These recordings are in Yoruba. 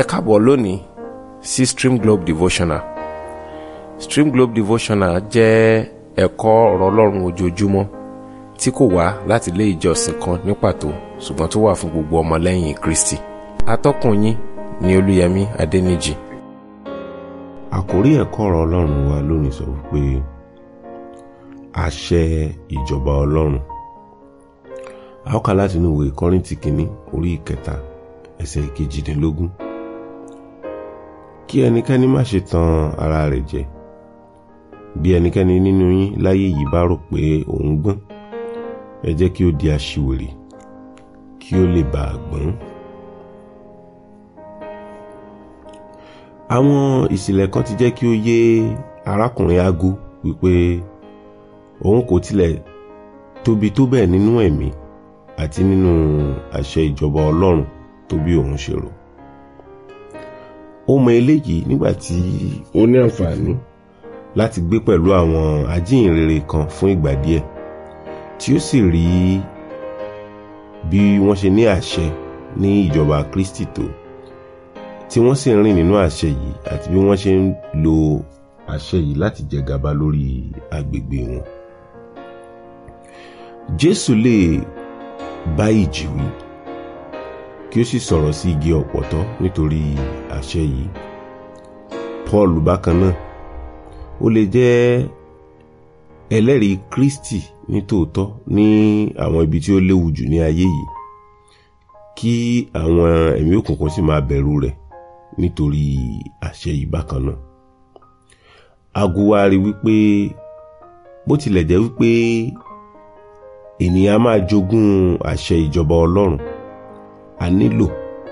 ẹ káàbọ̀ lónìí sí Stream Globe Devotional Stream Globe Devotional jẹ́ ẹ̀kọ́ ọ̀rọ̀ ọlọ́run ojoojúmọ́ tí kò wá láti ilé ìjọsìn kan ní pàtó ṣùgbọ́n tó wà fún gbogbo ọmọlẹ́yìn Kristi atọ́kùn yín ni Olúyẹmí Adẹ́nìjì. àkórí ẹ̀kọ́ ọ̀rọ̀ ọlọ́run wa lónìí sọ wípé àṣẹ ìjọba ọlọ́run a ó kà láti inú ìwé Kọ́ríńtì kìíní orí ìkẹta ẹsẹ̀ ìkejìdínlógún kí ẹnikẹ́ni má ṣe tan ara rẹ̀ jẹ bí ẹnikẹ́ni nínú yín láyé yìí bá rò pé òun gbọ́n ẹ jẹ́ kí ó di aṣiwèrè kí ó lè bàa gbọ́n. àwọn ìsìlẹ̀ kan ti jẹ́ kí ó yé arákùnrin ago wípé òun kò tilẹ̀ tóbi tó bẹ́ẹ̀ nínú ẹ̀mí àti nínú àṣẹ ìjọba ọlọ́run tó òun ṣe rò ó mọ eléyìí nígbà tí ó ní àǹfààní láti gbé pẹ̀lú àwọn ajíhìnrere kan fún ìgbà díẹ̀ tí ó sì rí bí wọ́n ṣe ní àṣẹ ní ìjọba Kristi tó tí wọ́n sì ń rìn nínú àṣẹ yìí àti bí wọ́n ṣe ń lo àṣẹ yìí láti jẹgàba lórí agbègbè wọn. Jésù lè bá ìjì wí kí ó sì sọ̀rọ̀ sí igi ọ̀pọ̀tọ́ nítorí àṣẹ yìí Paul bákan náà ó lè jẹ́ ẹlẹ́rìí Kristi ní tòótọ́ ní àwọn ibi tí ó léwu jù ní ayé yìí kí àwọn ẹ̀mí òkùnkùn sì máa bẹ̀rù rẹ̀ nítorí àṣẹ yìí bákan náà aguwari wípé bó tilẹ̀ jẹ́ wípé ènìyàn máa jogún àṣẹ ìjọba Ọlọ́run a nílò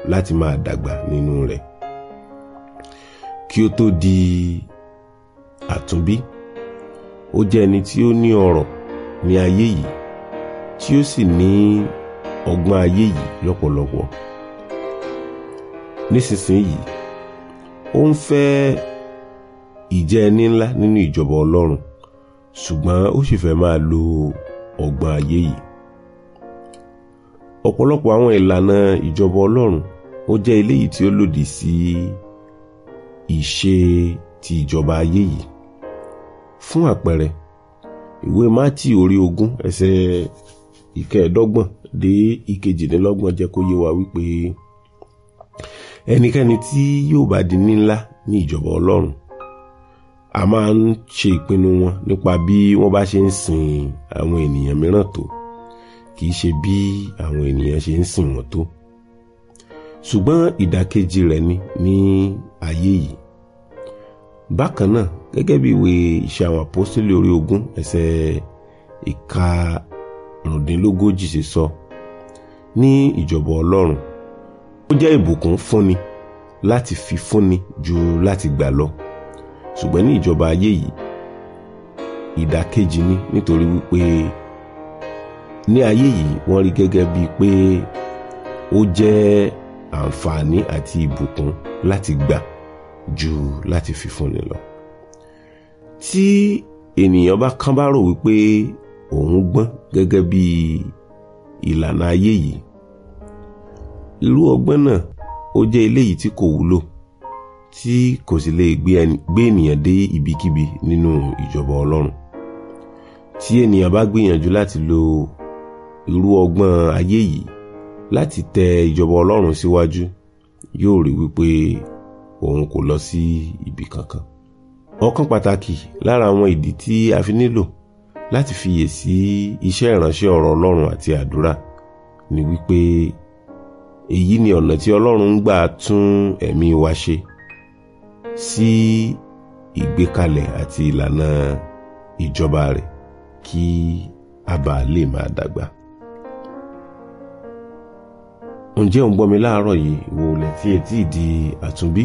láti máa dàgbà nínú rẹ̀ kí ó tó di àtúnbí ó jẹ́ ẹni tí ó ní ọrọ̀ ní ayé yìí tí ó sì ní ọgbọ́n ayé yìí lọ́pọ̀lọpọ̀ nísinsìnyí ó ń fẹ́ ìjẹ́ ẹni ńlá nínú ìjọba ọlọ́run ṣùgbọ́n ó sì fẹ́ máa lo ọgbọ́n ayé yìí ọ̀pọ̀lọpọ̀ àwọn ìlànà ìjọba ọlọ́run ó jẹ́ eléyìí tí ó lòdì sí ìṣe ti ìjọba ayé yìí fún àpẹẹrẹ ìwé mátì orí ogún ẹsẹ̀ ìkẹẹ̀ẹ́dọ́gbọ̀n dé ìkejìdínlọ́gbọ̀n jẹ́ kó yé wa wípé ẹnikẹ́ni tí yóò bá di nílá ní ìjọba ọlọ́run a máa ń ṣe ìpinnu wọn nípa bí wọ́n bá ṣe ń sin àwọn ènìyàn mìíràn tó kì í ṣe bí àwọn ènìyàn ṣe ń sìn wọ́n tó ṣùgbọ́n ìdàkejì rẹ̀ ni ní ayé yìí bákan náà gẹ́gẹ́ bí ìwé iṣẹ́ àwọn àpọ́sítélì orí ogún ẹsẹ̀ ìkarùndínlógójì ṣe sọ ní ìjọba ọlọ́run ó jẹ́ ìbùkún fúnni láti fi fúnni ju láti gbà lọ ṣùgbọ́n ní ìjọba ayé yìí ìdàkejì ni nítorí wípé ní ayé yìí wọ́n rí gẹ́gẹ́ bíi pé ó jẹ́ àǹfààní àti ìbùkún láti gbà ju láti fífúnni lọ. tí ènìyàn bá kán bá rò wípé òun gbọ́n gẹ́gẹ́ bíi ìlànà ayé yìí irú ọgbọ́n náà ó jẹ́ eléyìí tí kò wúlò tí kò sì lè gbé ènìyàn dé ibikíbi nínú ìjọba ọlọ́run tí ènìyàn bá gbìyànjú láti lo irú ọgbọ́n ayé yìí láti tẹ ìjọba ọlọ́run síwájú yóò rí wípé òun kò lọ sí ibi kankan. ọ̀kan pàtàkì lára àwọn ìdí tí a fi nílò láti fiyè sí iṣẹ́ ìránṣẹ́ ọ̀rọ̀ ọlọ́run àti àdúrà ni wípé èyí ni ọ̀nà tí ọlọ́run ń gbà tún ẹ̀mí wa ṣe sí ìgbékalẹ̀ àti ìlànà ìjọba rẹ̀ kí a bàa lè máa dàgbà ǹjẹ́ ò ń gbọ́ mi láàárọ̀ yìí ìwò lẹ́tí etí ìdí àtúnbí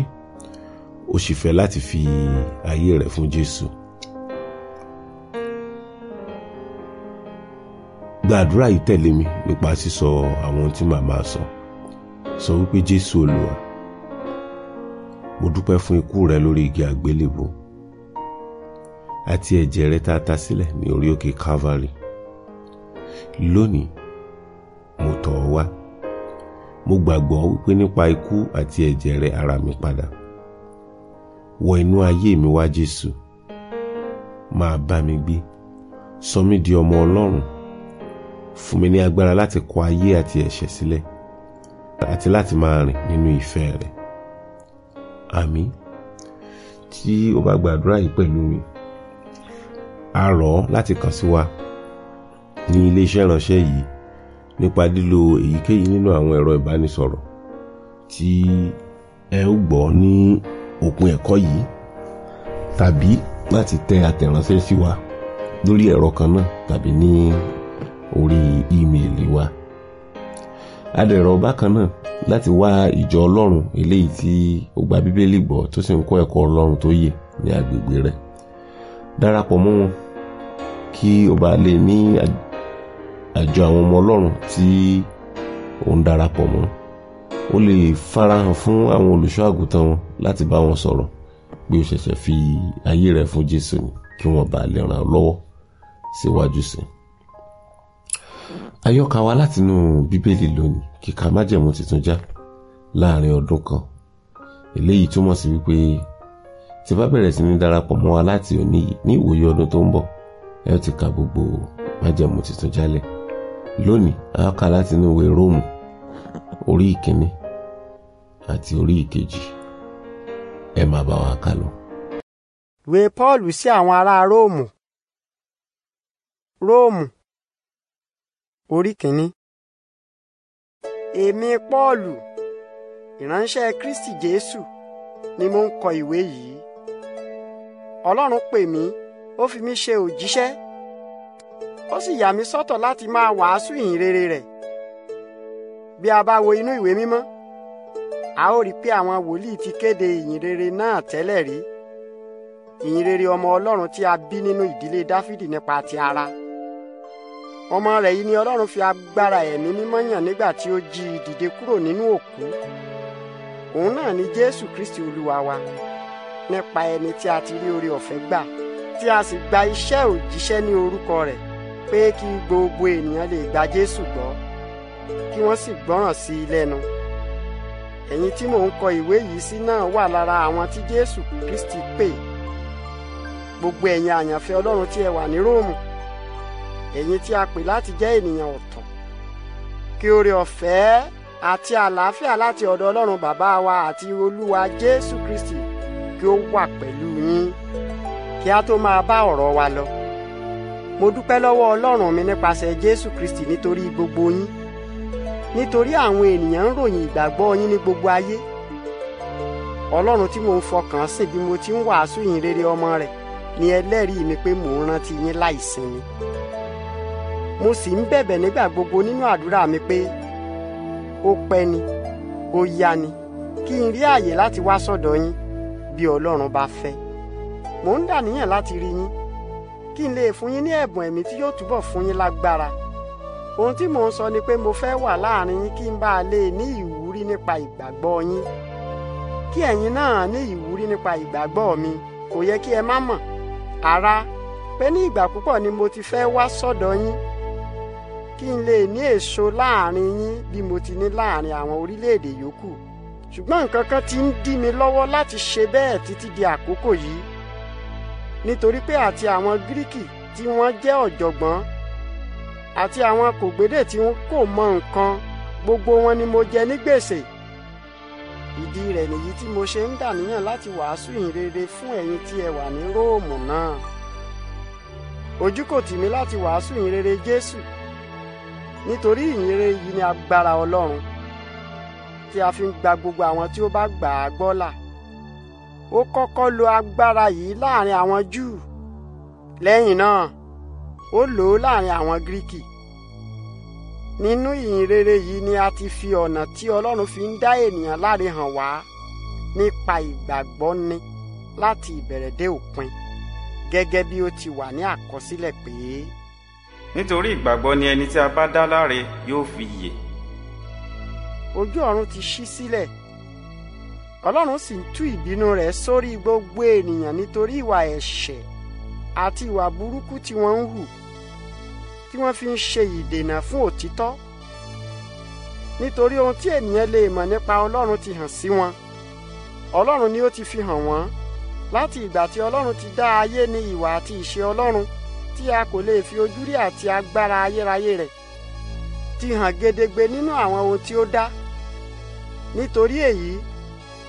ó sì fẹ́ láti fi ayé rẹ̀ fún Jésù. gbàdúrà yìí tẹ̀lé mi nípa sísọ àwọn ohun tí màá máa sọ sọ wípé Jésù Olúwa mo dúpẹ́ fún ikú rẹ lórí igi àgbélébò àti ẹ̀jẹ̀ rẹ tá a ta sílẹ̀ ní orí òkè Calvary lónìí mo tọ̀ ọ́ wá mo gbàgbọ́ wípé nípa ikú àti ẹ̀jẹ̀ rẹ̀ ara mi padà wọ inú ayé mi wá Jésù máa bá mi gbé sọ mí di ọmọ Ọlọ́run fún mi ní agbára láti kọ ayé àti ẹ̀ṣẹ̀ sílẹ̀ àti láti máa rìn nínú ìfẹ́ rẹ̀ àmín tí o bá gbàdúrà yìí pẹ̀lú mi a rọ̀ ọ́ láti kàn sí wa ní iléeṣẹ́ ìránṣẹ́ yìí 0800 nípa lílo èyíkéyìí nínú àwọn ẹ̀rọ ìbánisọ̀rọ̀ tí ẹ ó gbọ́ ní òpin ẹ̀kọ́ yìí tàbí láti tẹ àtẹ̀ránṣẹ́ sí wa lórí ẹ̀rọ kan náà tàbí ní orí ímeèlì wa adẹ̀rọ̀ bákan náà láti wá ìjọ ọlọ́run eléyìí tí ó gba bíbélì gbọ́ tó sì ń kọ́ ẹ̀kọ́ ọlọ́run tó yẹ ní agbègbè rẹ̀ darapọ̀ mọ́ wọn kí o bá lè ní àjọ àwọn ọmọ ọlọ́run tí ó ń darapọ̀ mọ́ ó lè farahàn fún àwọn olùṣọ́ àgùntàn wọn láti bá wọn sọ̀rọ̀ pé ó ṣẹ̀ṣẹ̀ fi ayé rẹ̀ fún Jésù ni kí wọ́n bá lè ràn án lọ́wọ́ síwájú sí i. àyọkà wa látinú bíbélì lónìí kíka májẹ̀mú tuntun já láàrin ọdún kan eléyìí túmọ̀ sí wípé tí bá bẹ̀rẹ̀ sí ní darapọ̀ mọ́ wa láti òní yìí ní ìwòye ọdún tó ń bọ̀ ẹ ó ti ka gbogbo májẹ̀mú tuntun jálẹ̀ lónìí a kà láti inú ìwé róòmù orí ìkíní àti orí ìkejì ẹ máa bá wa kà lọ. ìwé paul sí àwọn ará róòmù róòmù orí kìíní. èmi pọ́ọ̀lù ìránṣẹ́ kristi jésù ni mo ń kọ ìwé yìí ọlọ́run pè mí ó fi mí ṣe òjíṣẹ́ ó sì yà mí sọ́tọ̀ láti máa wàásù ìyìn rere rẹ̀ bí a bá wo inú ìwé mímọ́ a ó rí pé àwọn wòlíì ti kéde ìyìn rere náà tẹ́lẹ̀ rí ìyìn rere ọmọ ọlọ́run tí a bí nínú ìdílé dáfídì nípa ti ara ọmọ rẹ̀ yìí ni ọlọ́run fi agbára ẹ̀mí mímọ́ yàn nígbà tí ó jí i kúrò nínú òkú òun náà ni jésù kristi olúwa wa nípa ẹni tí a ti rí oore ọ̀fẹ́ gbà tí a sì gba iṣẹ́ òjíṣẹ́ ní orúkọ rẹ̀ pé kí gbogbo ènìyàn lè gba Jésù gbọ́ kí wọ́n sì gbọ́ràn sí i lẹ́nu ẹ̀yin tí mò ń kọ ìwé yìí sí náà wà lára àwọn tí Jésù Kristi pè gbogbo ẹ̀yin àyànfẹ́ Ọlọ́run tí ẹ wà ní Róòmù ẹ̀yin tí a pè láti jẹ́ ènìyàn ọ̀tọ̀ kí oore ọ̀fẹ́ àti àlàáfíà láti ọ̀dọ̀ Ọlọ́run bàbá wa àti Olúwa Jésù Kristi kí ó wà pẹ̀lú yín kí a tó máa bá ọ̀rọ̀ wa lọ. mo dúpẹ́ lọ́wọ́ ọlọ́run mi nípasẹ̀ jésù kristi nítorí gbogbo yín nítorí àwọn ènìyàn ń ròyìn ìgbàgbọ́ yín ní gbogbo ayé ọlọ́run tí mò ń fọkàn sìn bí mo ti ń wàásù yìn rere ọmọ rẹ̀ ni ẹlẹ́rìí mi pé mò ń rántí yín láìsinmi mo sì ń bẹ̀bẹ̀ nígbà gbogbo nínú àdúrà mi pé ó pẹ́ ni ó yá ni kí n rí àyè láti wá sọ̀dọ̀ yín bí ọlọ́run bá fẹ́ mò ń dàníyàn láti rí yín kí n lè fún yín ní ẹ̀bùn ẹ̀mí tí yóò túbọ̀ fún yín lágbára ohun tí mò ń sọ ni pé mo fẹ́ wà láàrin yín kí n bá a lè ní ìwúrí nípa ìgbàgbọ́ yín kí ẹ̀yin náà ní ìwúrí nípa ìgbàgbọ́ mi kò yẹ kí ẹ má mọ̀ ara pé ní ìgbà púpọ̀ ni mo ti fẹ́ wá sọ́dọ̀ yín kí n lè ní èso láàrin yín bí mo ti ní láàrin àwọn orílẹ̀-èdè yòókù ṣùgbọ́n nǹkan kan ti ń dí mi lọ́wọ́ láti ṣe bẹ́ẹ̀ títí di àkókò yìí nítorí pé àti àwọn gíríkì tí wọ́n jẹ́ ọ̀jọ̀gbọ́n àti àwọn kògbédè tí wọn kò mọ nǹkan gbogbo wọn ni mo jẹ ní gbèsè ìdí rẹ̀ nìyí tí mo ṣe ń dàníyàn láti wàásù ìhìnrere fún ẹ̀yin tí ẹ wà ní róòmù náà ojú kò tì mí láti wàásù ìhìnrere jésù nítorí ìhìnrere yìí ni agbára ọlọ́run tí a fi ń gba gbogbo àwọn tí ó bá gbà á gbọ́ là ó kọ́kọ́ lo agbára yìí láàrin àwọn Júù lẹ́yìn náà ó lò ó láàrin àwọn Gíríkì nínú ìyìn rere yìí ni a ti fi ọ̀nà tí Ọlọ́run fi ń dá ènìyàn láre hàn wá nípa ìgbàgbọ́ ni láti ìbẹ̀rẹ̀ dé òpin gẹ́gẹ́ bí ó ti wà ní àkọsílẹ̀ pé. nítorí ìgbàgbọ́ ni ẹni tí a bá dá láre yóò fi yè. ojú ọ̀run ti ṣí sílẹ̀ ọlọ́run sì tú ìbínú rẹ̀ sórí gbogbo ènìyàn nítorí ìwà ẹ̀ṣẹ̀ àti ìwà burúkú tí wọ́n ń hù tí wọ́n fi ń ṣe ìdènà fún òtítọ́ nítorí ohun tí ènìyàn lè mọ̀ nípa ọlọ́run ti hàn sí wọn ọlọ́run ni ó ti fi hàn wọ́n láti ìgbà tí ọlọ́run ti dá ayé ní ìwà àti ìṣe ọlọ́run tí a kò lè fi ojú rí àti agbára ayérayé rẹ̀ ti hàn gedegbe nínú àwọn ohun tí ó dá nítorí èyí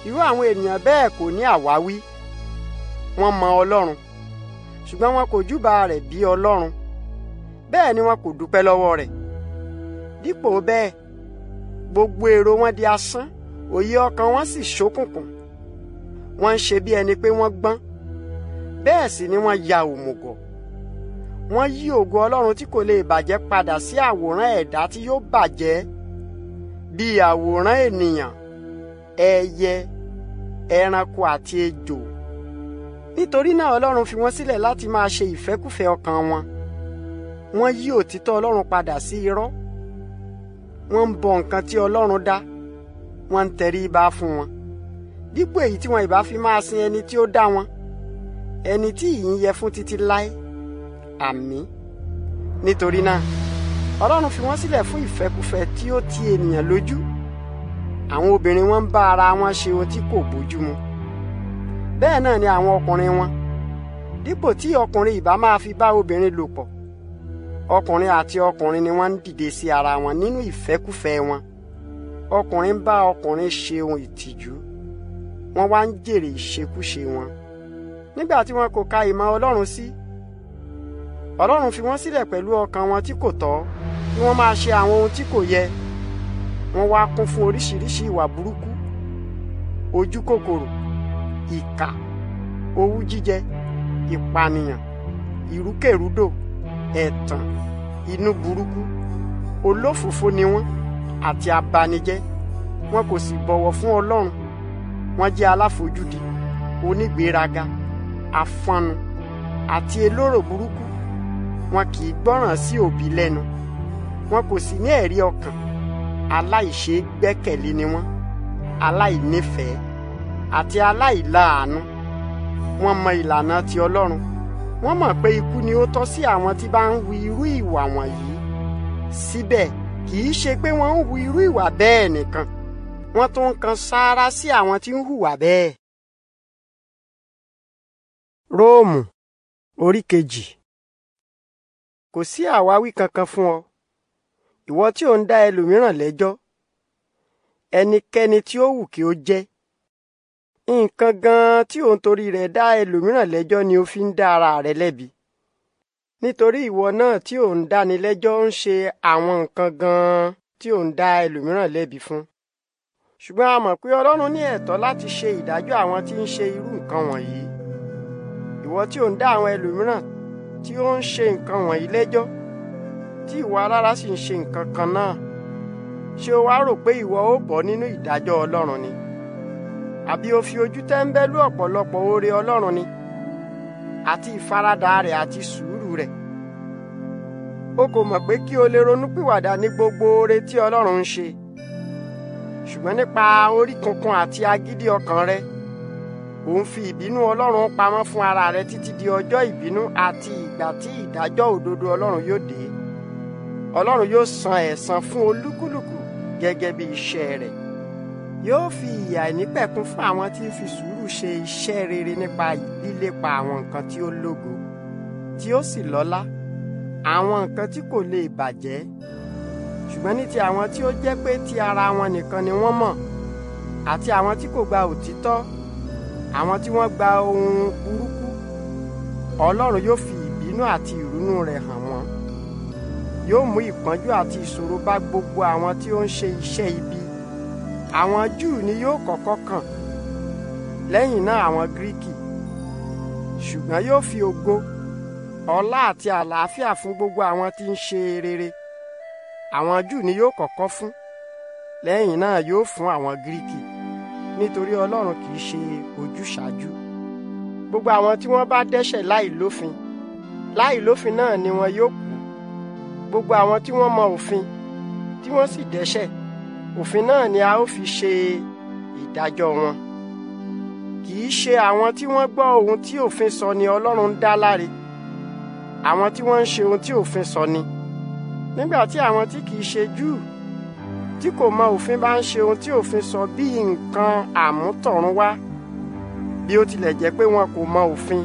irú àwọn ènìyàn bẹ́ẹ̀ kò ní àwáwí wọ́n mọ ọlọ́run ṣùgbọ́n wọn kò júbà rẹ̀ bí ọlọ́run bẹ́ẹ̀ ni wọn kò dúpẹ́ lọ́wọ́ rẹ̀ dípò bẹ́ẹ̀ gbogbo èrò wọn di asán òye ọkàn wọn sì ṣókùnkùn wọ́n ń ṣe bí ẹni pé wọ́n gbọ́n bẹ́ẹ̀ sì ni wọ́n ya òmùgọ̀ wọ́n yí ògo ọlọ́run tí kò lè bàjẹ́ padà sí àwòrán ẹ̀dá tí yóò bàjẹ́ bíi àwòrán ènìyàn ẹyẹ ẹranko àti ejò nítorí náà ọlọ́run fi wọ́n sílẹ̀ láti máa ṣe ìfẹ́kùfẹ́ ọkàn wọn wọ́n yí òtítọ́ ọlọ́run padà sí irọ́ wọ́n ń bọ nǹkan tí ọlọ́run dá wọ́n ń tẹrí ibà fún wọn dípò èyí tí wọn ìbá fi máa sin ẹni tí ó dá wọn ẹni tí ìyìn yẹ fún títí láé àmín nítorí náà ọlọ́run fi wọ́n sílẹ̀ fún ìfẹ́kùfẹ́ tí ó ti ènìyàn lójú àwọn obìnrin wọn ń bá ara wọn ṣe ohun tí kò bójúmu bẹ́ẹ̀ náà ni àwọn ọkùnrin wọn dípò tí ọkùnrin ìbá máa fi bá obìnrin lò pọ̀ ọkùnrin àti ọkùnrin ni wọ́n ń dìde sí ara wọn nínú ìfẹ́kúfẹ́ wọn ọkùnrin bá ọkùnrin ṣe ohun ìtìjú wọ́n wá ń jèrè ìṣekúṣe wọn nígbà tí wọn kò ka ìmọ̀ Ọlọ́run sí Ọlọ́run fi wọ́n sílẹ̀ pẹ̀lú ọkàn wọn tí kò tọ́ kí wọ́n máa ṣe àwọn ohun tí kò yẹ wọ́n wá kún fún oríṣiríṣi ìwà burúkú ojú kòkòrò ìkà owú jíjẹ ìpànìyàn ìrúkèrúdò ẹ̀tàn inú burúkú olófòfó ni wọ́n àti abanijẹ́ wọn kò sì bọ̀wọ̀ fún Ọlọ́run wọ́n jẹ́ aláfojúdi onígbéraga afọ́nu àti elóró burúkú wọn kì í gbọ́ràn sí òbí lẹ́nu wọn kò sì ní ẹ̀rí ọkàn aláìṣe gbẹ́kẹ̀lé ni wọ́n aláìnífẹ̀ẹ́ àti aláìláàánú wọ́n mọ ìlànà ti Ọlọ́run wọ́n mọ̀ pé ikú ni ó tọ́ sí àwọn tí bá ń hu irú ìwà wọ̀nyí síbẹ̀ kì í ṣe pé wọ́n ń hu irú ìwà bẹ́ẹ̀ nìkan wọ́n tún ń kan sáárá sí àwọn tí ń hùwà bẹ́ẹ̀. Róòmù orí kejì kò sí àwáwí kankan fún ọ ìwọ tí ò ń dá ẹlòmíràn lẹ́jọ́ ẹnikẹ́ni tí ó wù kí ó jẹ́ nǹkan gan-an tí ò ń torí rẹ̀ dá ẹlòmíràn lẹ́jọ́ ni ó fi ń dá ara rẹ̀ lẹ́bi nítorí ìwọ náà tí ò ń dáni lẹ́jọ́ ń ṣe àwọn nǹkan gan-an tí ò ń dá ẹlòmíràn lẹ́bi fún ṣùgbọ́n a mọ̀ pé Ọlọ́run ní ẹ̀tọ́ láti ṣe ìdájọ́ àwọn tí ń ṣe irú nǹkan wọ̀nyí ìwọ tí ò ń dá àwọn ẹlòmíràn tí ó ń ṣe nǹkan wọ̀nyí lẹ́jọ́ tí ìwọ alára sì ń ṣe nǹkan kan náà ṣé o wá rò pé ìwọ ó bọ́ nínú ìdájọ́ Ọlọ́run ni àbí o fi ojú tẹ́ńbẹ́lú ọ̀pọ̀lọpọ̀ oore Ọlọ́run ni àti ìfaradà rẹ̀ àti sùúrù rẹ̀ o kò mọ̀ pé kí o lè ronúpìwàdà ní gbogbo oore tí Ọlọ́run ń ṣe ṣùgbọ́n nípa orí kunkun àti agídí ọkàn rẹ ò ń fi ìbínú Ọlọ́run pamọ́ fún ara rẹ títí di ọjọ́ ìbínú àti ìgbà tí ìdájọ́ òdodo Ọlọ́run yóò dé ọlọ́run yóò san ẹ̀san fún olúkúlùkù gẹ́gẹ́ bí iṣẹ́ rẹ̀ yóò fi ìyà ìnípẹ̀kún fún àwọn tí ń fi sùúrù ṣe iṣẹ́ rere nípa lílépa àwọn nǹkan tí ó lógo tí ó sì lọ́lá àwọn nǹkan tí kò lè bàjẹ́ ṣùgbọ́n ní ti àwọn tí ó jẹ́ pé ti ara wọn nìkan ni wọ́n mọ̀ àti àwọn tí kò gba òtítọ́ àwọn tí wọ́n gba ohun burúkú ọlọ́run yóò fi ìbínú àti ìrunú rẹ̀ hàn wọ́n yóò mú ìpọ́njú àti ìṣòro bá gbogbo àwọn tí ó ń ṣe iṣẹ́ ibi àwọn Júù ni yóò kọ́kọ́ kàn lẹ́yìn náà àwọn Gíríkì ṣùgbọ́n yóò fi ògo ọlá àti àlàáfíà fún gbogbo àwọn tí ń ṣe rere àwọn Júù ni yóò kọ́kọ́ fún lẹ́yìn náà yóò fún àwọn Gíríkì nítorí Ọlọ́run kì í ṣe ojúṣàájú gbogbo àwọn tí wọ́n bá dẹ́ṣẹ̀ láìlófin láìlófin náà ni wọn yóò kú gbogbo àwọn tí wọ́n mọ òfin tí wọ́n sì dẹ́ṣẹ̀ òfin náà ni a ó fi ṣe ìdájọ́ wọn kì í ṣe àwọn tí wọ́n gbọ́ ohun tí òfin sọ ni Ọlọ́run ń dá láre àwọn tí wọ́n ń ṣe ohun tí òfin sọ ni nígbà tí àwọn tí kì í ṣe Júù tí kò mọ òfin bá ń ṣe ohun tí òfin sọ bí nǹkan àmútọ̀runwá bí ó tilẹ̀ jẹ́ pé wọn kò mọ òfin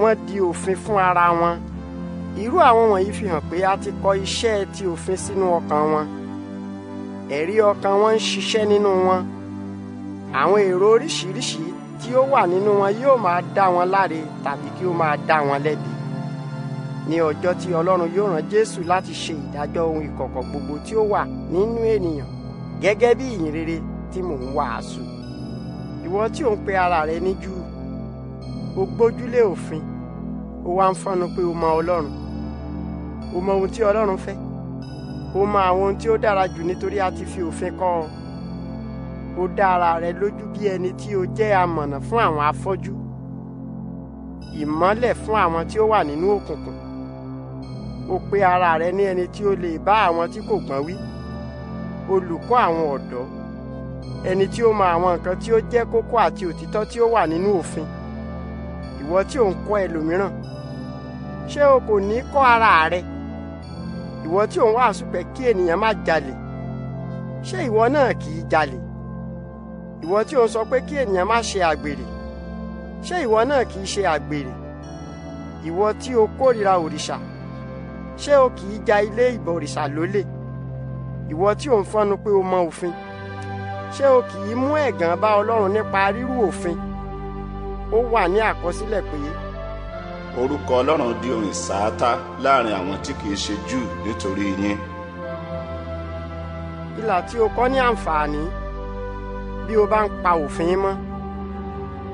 wọ́n di òfin fún ara wọn irú àwọn wọ̀nyí fi hàn pé a ti kọ iṣẹ́ ti òfin sínú ọkàn wọn ẹ̀rí ọkàn wọn ń ṣiṣẹ́ nínú wọn àwọn èrò oríṣiríṣi tí ó wà nínú wọn yóò máa dá wọn láre tàbí kí ó máa dá wọn lẹ́bi ní ọjọ́ tí ọlọ́run yóò rán jésù láti ṣe ìdájọ́ ohun ìkọ̀kọ̀ gbogbo tí ó wà nínú ènìyàn gẹ́gẹ́ bí ìyìn rere tí mò ń wàásù ìwọ tí ò ń pe ara rẹ ní o gbójúlé òfin ó wá ń fọnu pé o mọ ọlọ́run o mọ ohun tí ọlọ́run fẹ́ o mọ àwọn ohun tí ó dára jù nítorí a ti fi òfin kọ́ ọ o dá ara rẹ lójú bí ẹni tí o jẹ́ amọ̀nà fún àwọn afọ́jú ìmọ́lẹ̀ fún àwọn tí ó wà nínú òkùnkùn o pè ara rẹ ní ẹni tí ó lè bá àwọn tí kò gbọ́n wí olùkọ́ àwọn ọ̀dọ́ ẹni tí ó mọ àwọn nǹkan tí ó jẹ́ kókó àti òtítọ́ tí ó wà nínú òfin ìwọ tí ò ń kọ́ ẹlòmíràn ṣé o kò ní kọ́ ara rẹ ìwọ tí òun wàásù pé kí ènìyàn má jalè ṣé ìwọ náà kì í jalè ìwọ tí òun sọ pé kí ènìyàn má ṣe àgbèrè ṣé ìwọ náà kì í ṣe àgbèrè ìwọ tí o kórìíra òrìṣà ṣé o kì í ja ilé ìbọ̀rìṣà lólè ìwọ tí ò ń fọnu pé o mọ òfin ṣé o kì í mú ẹ̀gàn bá Ọlọ́run nípa rírú òfin ó wà ní àkọsílẹ̀ pé orúkọ ọlọ́run di orin sáátá láàrin àwọn tí kìí ṣe júù nítorí yín. ìlà tí o kọ́ ní àǹfààní bí o bá ń pa òfin mọ́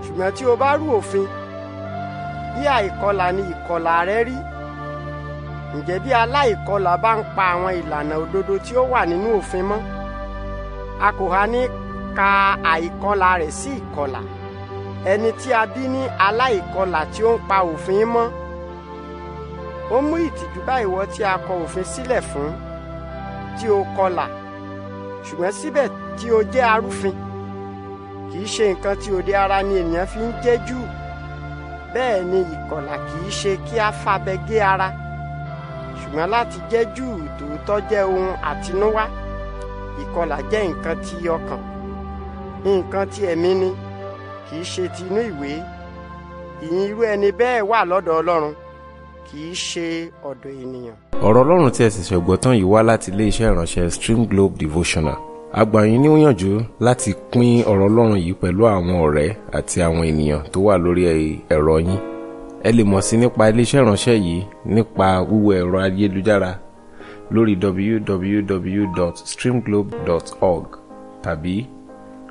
ṣùgbọ́n tí o bá rú òfin bí àìkọlà ni ìkọlà rẹ rí ǹjẹ́ bí aláìkọlà bá ń pa àwọn ìlànà òdodo tí ó wà nínú òfin mọ́ a kò hà ní ka àìkọlà rẹ̀ sí ìkọlà. ẹni tí a bí ní aláìkọlà tí ó ń pa òfin mọ́ ó mú ìtìjú bá ìwọ tí a kọ òfin sílẹ̀ fún tí ó kọlà ṣùgbọ́n síbẹ̀ tí ó jẹ́ arúfin kì í ṣe nǹkan tí òde ara ni ènìyàn fi ń jẹ́ jù bẹ́ẹ̀ ni ìkọlà kì í ṣe kí a fabẹ gé ara ṣùgbọ́n láti jẹ́ jù tòótọ́ jẹ́ ohun àtinúwá ìkọlà jẹ́ nǹkan ti ọkàn nǹkan ti ẹ̀mí ni kì í ṣe ti inú ìwé ìyìn irú ẹni bẹ́ẹ̀ wà lọ́dọ̀ Ọlọ́run kì í ṣe ọ̀dọ̀ ènìyàn. ọ̀rọ̀ Ọlọ́run tí ẹ sì ṣẹ̀gbọ́n tán yìí wá láti iléeṣẹ́ ìránṣẹ́ Stream Globe Devotional agbanyin ni ó yànjú láti pín ọ̀rọ̀ Ọlọ́run yìí pẹ̀lú àwọn ọ̀rẹ́ àti àwọn ènìyàn tó wà lórí ẹ̀rọ yín ẹ lè mọ̀ sí nípa iléeṣẹ́ ìránṣẹ́ yìí nípa wíwọ ẹ̀rọ ayélujára lórí www.streamglobe.org tàbí